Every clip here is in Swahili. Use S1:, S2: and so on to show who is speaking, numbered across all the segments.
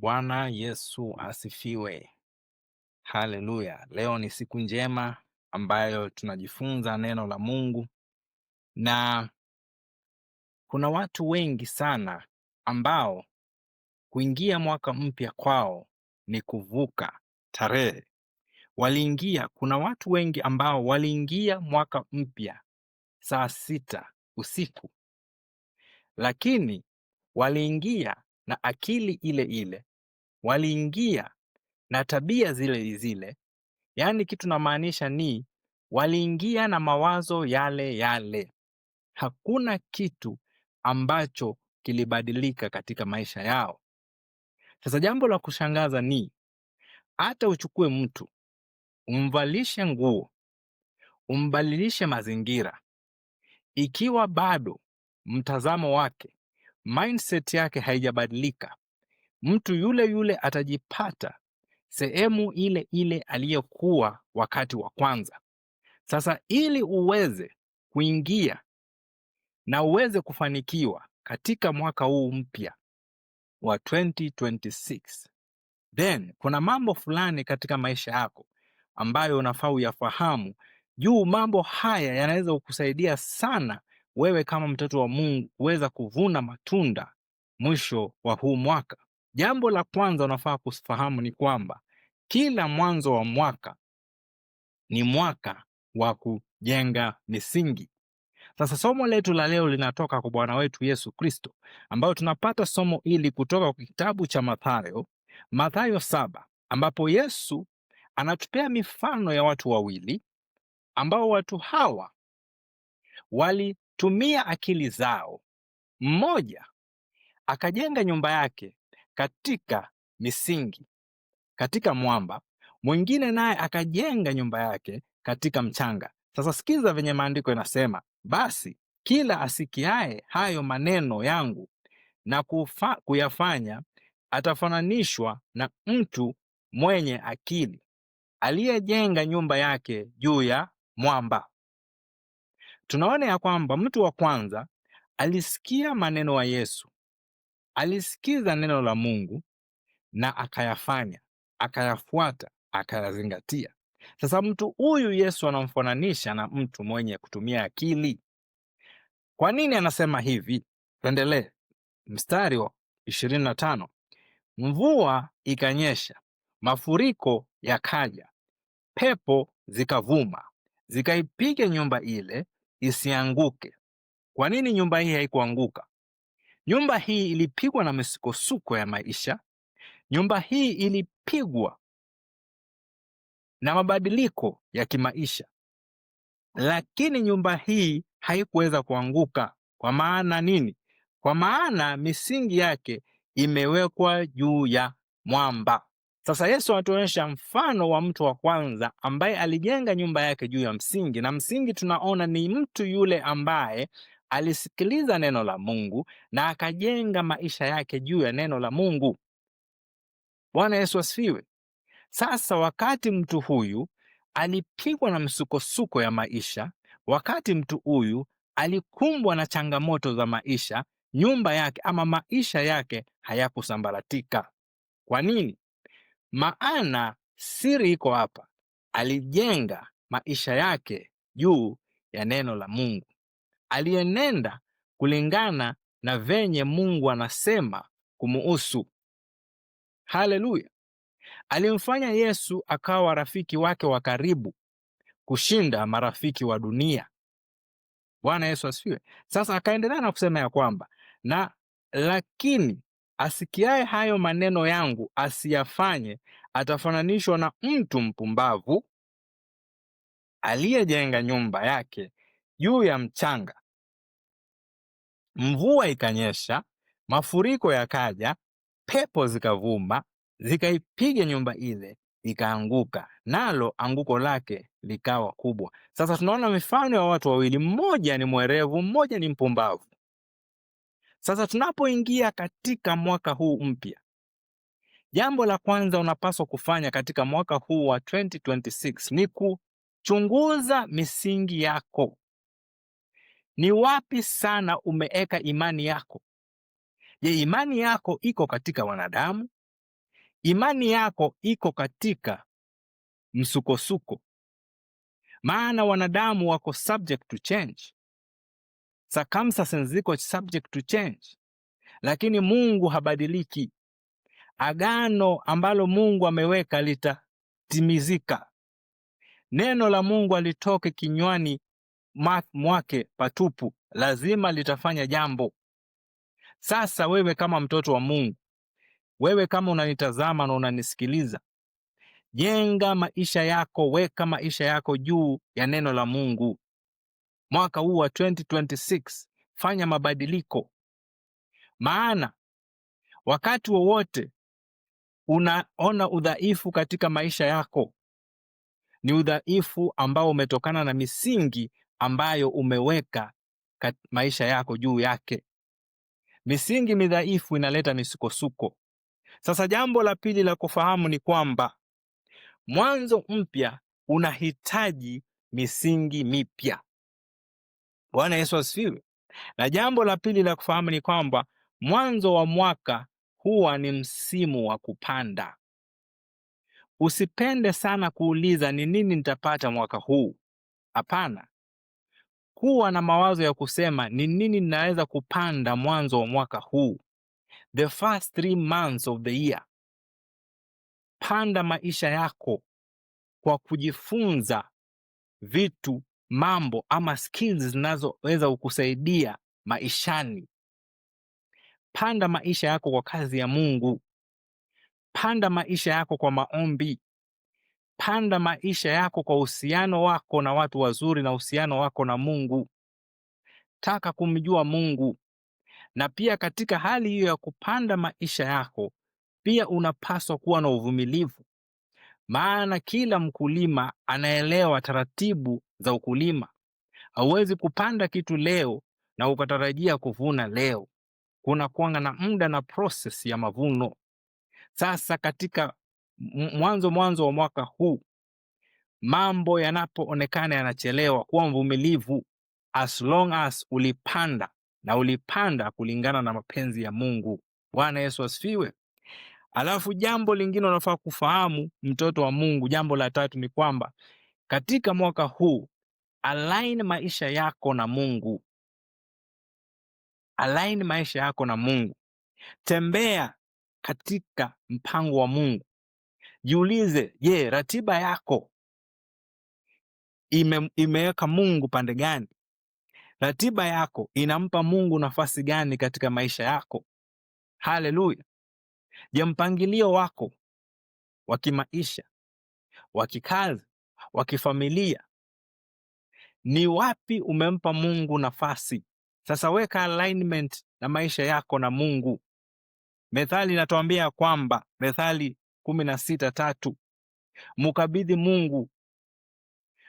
S1: Bwana Yesu asifiwe. Haleluya. Leo ni siku njema ambayo tunajifunza neno la Mungu, na kuna watu wengi sana ambao kuingia mwaka mpya kwao ni kuvuka tarehe. Waliingia, kuna watu wengi ambao waliingia mwaka mpya saa sita usiku, lakini waliingia na akili ile ile waliingia na tabia zile zile, yaani kitu namaanisha ni waliingia na mawazo yale yale. Hakuna kitu ambacho kilibadilika katika maisha yao. Sasa jambo la kushangaza ni hata uchukue mtu umvalishe nguo umbadilishe mazingira, ikiwa bado mtazamo wake mindset yake haijabadilika, mtu yule yule atajipata sehemu ile ile aliyokuwa wakati wa kwanza. Sasa ili uweze kuingia na uweze kufanikiwa katika mwaka huu mpya wa 2026 then kuna mambo fulani katika maisha yako ambayo unafaa uyafahamu juu. Mambo haya yanaweza kukusaidia sana wewe kama mtoto wa Mungu kuweza kuvuna matunda mwisho wa huu mwaka. Jambo la kwanza unafaa kufahamu ni kwamba kila mwanzo wa mwaka ni mwaka wa kujenga misingi. Sasa somo letu la leo linatoka kwa Bwana wetu Yesu Kristo, ambayo tunapata somo hili kutoka kwa kitabu cha Mathayo, Mathayo saba, ambapo Yesu anatupea mifano ya watu wawili ambao watu hawa walitumia akili zao. Mmoja akajenga nyumba yake katika misingi katika mwamba, mwingine naye akajenga nyumba yake katika mchanga. Sasa sikiza venye maandiko inasema, basi kila asikiaye hayo maneno yangu na kufa, kuyafanya atafananishwa na mtu mwenye akili aliyejenga nyumba yake juu ya mwamba. Tunaona ya kwamba mtu wa kwanza alisikia maneno ya Yesu alisikiza neno la Mungu na akayafanya, akayafuata, akayazingatia. Sasa mtu huyu Yesu anamfananisha na mtu mwenye kutumia akili. Kwa nini anasema hivi? Tuendelee mstari wa ishirini na tano. Mvua ikanyesha, mafuriko yakaja, pepo zikavuma, zikaipiga nyumba ile isianguke. Kwa nini nyumba hii haikuanguka? Nyumba hii ilipigwa na misukosuko ya maisha. Nyumba hii ilipigwa na mabadiliko ya kimaisha, lakini nyumba hii haikuweza kuanguka. Kwa maana nini? Kwa maana misingi yake imewekwa juu ya mwamba. Sasa Yesu anatuonyesha mfano wa mtu wa kwanza ambaye alijenga nyumba yake juu ya msingi, na msingi tunaona ni mtu yule ambaye alisikiliza neno la Mungu na akajenga maisha yake juu ya neno la Mungu. Bwana Yesu asifiwe. Sasa wakati mtu huyu alipigwa na msukosuko ya maisha, wakati mtu huyu alikumbwa na changamoto za maisha, nyumba yake ama maisha yake hayakusambaratika. Kwa nini? Maana siri iko hapa, alijenga maisha yake juu ya neno la Mungu aliyenenda kulingana na venye Mungu anasema kumuhusu. Haleluya! Alimfanya Yesu akawa rafiki wake wa karibu kushinda marafiki wa dunia. Bwana Yesu asifiwe. Sasa akaendelea na kusema ya kwamba na lakini asikiaye hayo maneno yangu asiyafanye, atafananishwa na mtu mpumbavu aliyejenga nyumba yake juu ya mchanga. Mvua ikanyesha, mafuriko yakaja, pepo zikavuma, zikaipiga nyumba ile ikaanguka, nalo anguko lake likawa kubwa. Sasa tunaona mifano ya watu wawili, mmoja ni mwerevu, mmoja ni mpumbavu. Sasa tunapoingia katika mwaka huu mpya, jambo la kwanza unapaswa kufanya katika mwaka huu wa 2026 ni kuchunguza misingi yako. Ni wapi sana umeweka imani yako? Je, imani yako iko katika wanadamu? Imani yako iko katika msukosuko? Maana wanadamu wako subject to change, circumstances ziko subject to change, lakini Mungu habadiliki. Agano ambalo Mungu ameweka litatimizika. Neno la Mungu alitoke kinywani mwake patupu, lazima litafanya jambo. Sasa wewe kama mtoto wa Mungu, wewe kama unanitazama na unanisikiliza, jenga maisha yako, weka maisha yako juu ya neno la Mungu. Mwaka huu wa 2026 fanya mabadiliko, maana wakati wowote unaona udhaifu katika maisha yako ni udhaifu ambao umetokana na misingi ambayo umeweka maisha yako juu yake. Misingi midhaifu inaleta misukosuko. Sasa jambo la pili la kufahamu ni kwamba mwanzo mpya unahitaji misingi mipya. Bwana Yesu asifiwe. Na jambo la pili la kufahamu ni kwamba mwanzo wa mwaka huwa ni msimu wa kupanda. Usipende sana kuuliza ni nini nitapata mwaka huu. Hapana, kuwa na mawazo ya kusema ni nini ninaweza kupanda mwanzo wa mwaka huu, the first three months of the year. Panda maisha yako kwa kujifunza vitu, mambo ama skills zinazoweza kukusaidia maishani. Panda maisha yako kwa kazi ya Mungu. Panda maisha yako kwa maombi panda maisha yako kwa uhusiano wako na watu wazuri na uhusiano wako na Mungu. Taka kumjua Mungu, na pia katika hali hiyo ya kupanda maisha yako pia unapaswa kuwa na uvumilivu, maana kila mkulima anaelewa taratibu za ukulima. Hauwezi kupanda kitu leo na ukatarajia kuvuna leo. Kuna kuanga na muda na process ya mavuno. Sasa katika mwanzo mwanzo wa mwaka huu mambo yanapoonekana yanachelewa, kuwa mvumilivu as long as ulipanda na ulipanda kulingana na mapenzi ya Mungu. Bwana Yesu asifiwe. Alafu jambo lingine unafaa kufahamu, mtoto wa Mungu, jambo la tatu ni kwamba katika mwaka huu align maisha yako na Mungu, align maisha yako na Mungu, tembea katika mpango wa Mungu. Jiulize, je, ratiba yako ime, imeweka Mungu pande gani? Ratiba yako inampa Mungu nafasi gani katika maisha yako? Haleluya! Je, mpangilio wako wa kimaisha, wa kikazi, wa kifamilia ni wapi umempa Mungu nafasi? Sasa weka alignment na maisha yako na Mungu. Methali inatuambia kwamba Methali kumi na sita tatu mukabidhi Mungu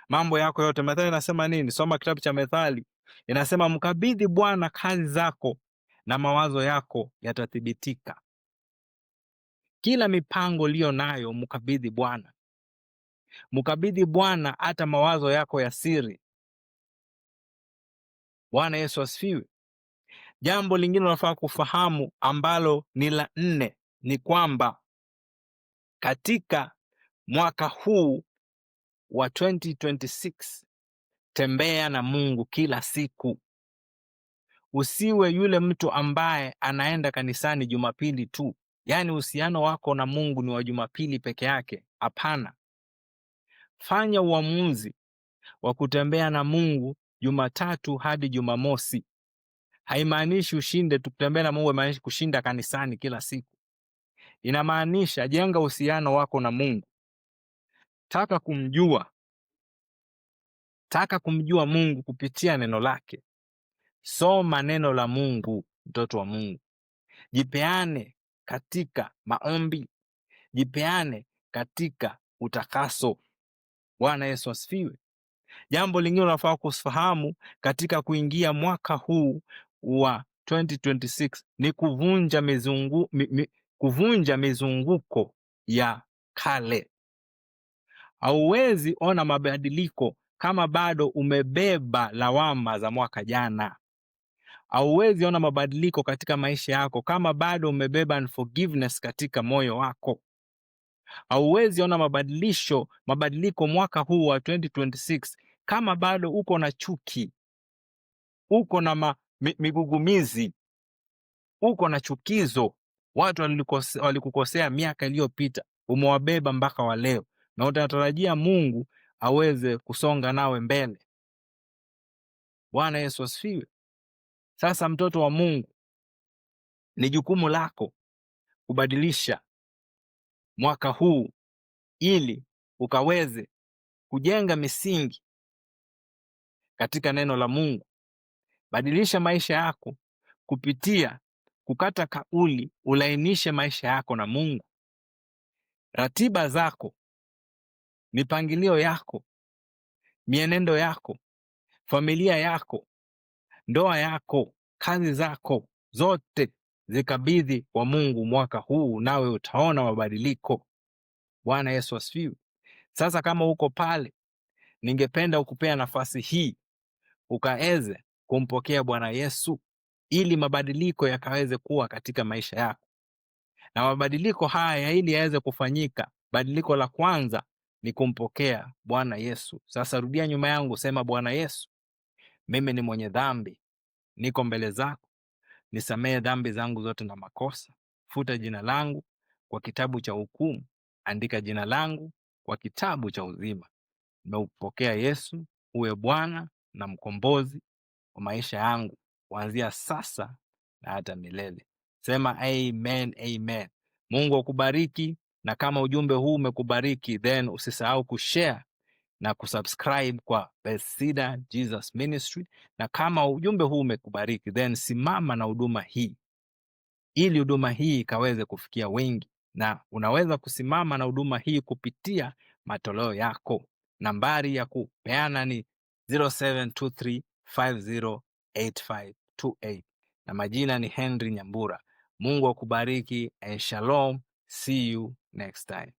S1: mambo yako yote. Methali inasema nini? Soma kitabu cha Methali, inasema mkabidhi Bwana kazi zako na mawazo yako yatathibitika. Kila mipango liyo nayo mkabidhi Bwana, mkabidhi Bwana hata mawazo yako ya siri. Bwana Yesu asifiwe. Jambo lingine unafaa kufahamu ambalo ni la nne ni kwamba katika mwaka huu wa 2026 tembea na Mungu kila siku. Usiwe yule mtu ambaye anaenda kanisani Jumapili tu, yaani uhusiano wako na Mungu ni wa Jumapili peke yake. Hapana, fanya uamuzi wa kutembea na Mungu Jumatatu hadi Jumamosi. Haimaanishi ushinde tukutembea na Mungu, haimaanishi kushinda kanisani kila siku. Inamaanisha jenga uhusiano wako na Mungu, taka kumjua, taka kumjua Mungu kupitia neno lake. Soma neno la Mungu, mtoto wa Mungu. Jipeane katika maombi, jipeane katika utakaso. Bwana Yesu asifiwe. Jambo lingine unafaa kufahamu katika kuingia mwaka huu wa 2026 ni kuvunja mizungu, mi, mi, kuvunja mizunguko ya kale. Hauwezi ona mabadiliko kama bado umebeba lawama za mwaka jana. Hauwezi ona mabadiliko katika maisha yako kama bado umebeba unforgiveness katika moyo wako. Hauwezi ona mabadilisho mabadiliko mwaka huu wa 2026 kama bado uko na chuki, uko na ma, migugumizi, uko na chukizo, Watu walikukosea miaka iliyopita, umewabeba mpaka wa leo, na utatarajia Mungu aweze kusonga nawe mbele. Bwana Yesu asifiwe. Sasa mtoto wa Mungu, ni jukumu lako kubadilisha mwaka huu ili ukaweze kujenga misingi katika neno la Mungu. Badilisha maisha yako kupitia kukata kauli ulainishe maisha yako na Mungu. Ratiba zako, mipangilio yako, mienendo yako, familia yako, ndoa yako, kazi zako zote zikabidhi kwa Mungu mwaka huu, nawe utaona mabadiliko. Bwana Yesu asifiwe. Sasa kama uko pale, ningependa ukupea nafasi hii ukaeze kumpokea Bwana Yesu ili mabadiliko yakaweze kuwa katika maisha yako. Na mabadiliko haya ili yaweze kufanyika, badiliko la kwanza ni kumpokea Bwana Yesu. Sasa rudia nyuma yangu, sema: Bwana Yesu, mimi ni mwenye dhambi, niko mbele zako, nisamehe dhambi zangu zote na makosa, futa jina langu kwa kitabu cha hukumu, andika jina langu kwa kitabu cha uzima. Nimeupokea Yesu uwe Bwana na mkombozi wa maisha yangu kuanzia sasa na hata milele. Sema amen, amen. Mungu akubariki, na kama ujumbe huu umekubariki, then usisahau kushare na kusubscribe kwa Bethesda Jesus Ministry. Na kama ujumbe huu umekubariki, then simama na huduma hii ili huduma hii ikaweze kufikia wengi, na unaweza kusimama na huduma hii kupitia matoleo yako. Nambari ya kupeana ni 07235085 2A na majina ni Henry Nyambura. Mungu akubariki and shalom, see you next time.